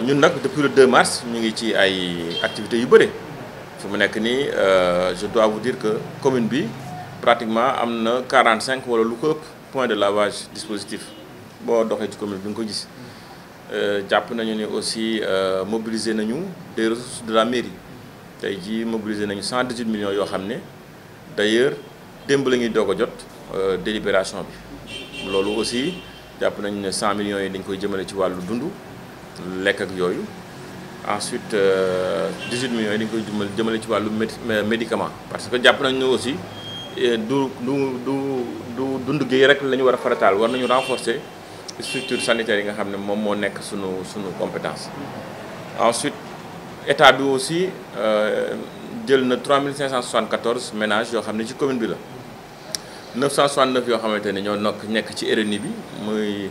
Nous, depuis le 2 mars nous avons ci activités euh, je dois vous dire que la commune a pratiquement 45 points de lavage dispositif Nous avons aussi euh, mobilisé des ressources de la mairie Nous avons mobilisé 118 millions d'euros. d'ailleurs nous avons euh, délibération Nous avons aussi 100 millions d'euros dañ lek ak yoyu ensuite 18 euh, millions yi dañ koy jëmal jëmale ci médicament parce que jàpp nañ ne aussi eh, du du du du dund gi rek lañu wara faratal war nañu renforcer structure sanitaire yi nga xam mom mo nek nekk sunu sunu compétence ensuite état bi aussi euh, jël na 3574 ménages yo xam ci commune bi la 969 yo xamante ne ñoo nok nek ci RNI bi muy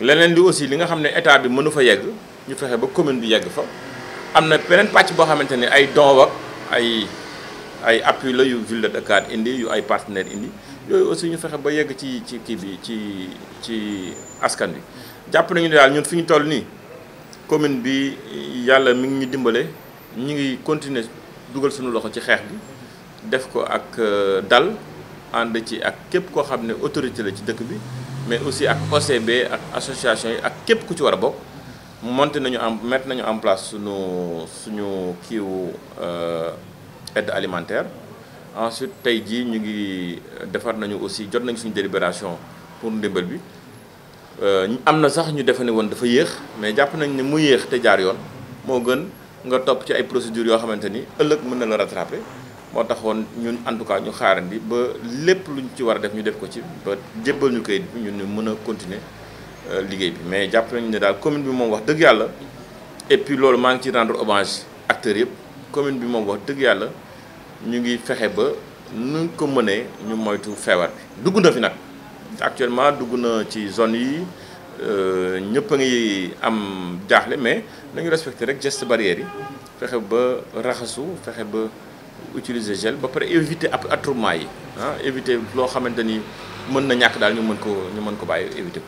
leneen li aussi li nga xam ne état bi mënu fa yegg ñu fexe ba commune bi yegg fa am na beneen pàcc boo xamante ni ay don ak ay ay appui la yu ville de indi yu ay partenaires indi yooyu aussi ñu fexe ba yegg ci ci kii bi ci ci askan bi jàpp nañu ne daal ñun fi ñu toll nii commune bi yàlla mi ngi ñu dimbale ñu ngi continuer dugal suñu loxo ci xeex bi def ko ak dal ànd ci ak képp koo xam ne autorité la ci dëkk bi mais aussi ak OCB ak association yi ak képp ku ci war a bokk monté nañu am mettre nañu en place suñu suñu kiiwu euh, aide alimentaire ensuite tey jii ñu ngi euh, defar nañu aussi jot nañu suñu délibération pour ndimbal bi euh, am na sax ñu defe ne woon dafa yéex mais jàpp nañ ne mu yéex te jaar yoon moo gën nga topp ci ay procédures yoo xamante ni ëllëg mën na la rattraper moo taxoon ñun en tout cas ñu xaarandi ba lépp luñ ci war a def ñu def ko ci ba jébbal ñu kayit bi ñun ñu mën a continuer euh, liggéey bi mais jàpp nañu ne daal commune bi moom wax dëgg yàlla et puis loolu maa ngi ci rendre hommage acteurs yëpp commune bi moom wax dëgg yàlla ñu ngi fexe ba nu ko mënee ñu moytu feebar bi dugg na fi nag actuellement dugg na ci zone yi euh, ñëpp a ngi am jaaxle mais nañu respecté rek geste barrière yi fexe ba raxasu fexe ba utiliser gel ba pare éviter ab attroupement yi ah, éviter lo xamanteni ni mën na ñak dal ñu mën ko ñu mën ko bay éviter